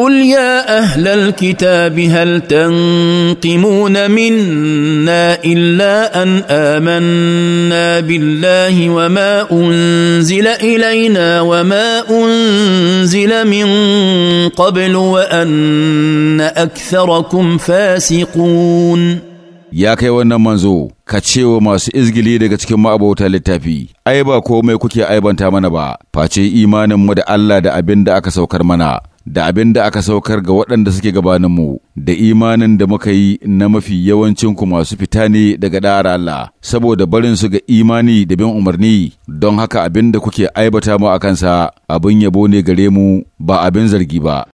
قل يا اهل الكتاب هل تنقمون منا الا ان امنا بالله وما انزل الينا وما انزل من قبل وان اكثركم فاسقون ya kai wannan manzo ka ce wa masu izgili daga cikin ma'abota littafi ai ba komai kuke aibanta mana ba face imaninmu da Allah da abin da aka saukar mana da abin da aka saukar ga waɗanda suke gabaninmu da imanin da muka yi na mafi yawancinku masu fita ne daga ɗara Allah saboda barin su ga imani da bin umarni don haka abin da kuke aibata mu a kansa abin yabo ne gare mu ba abin zargi ba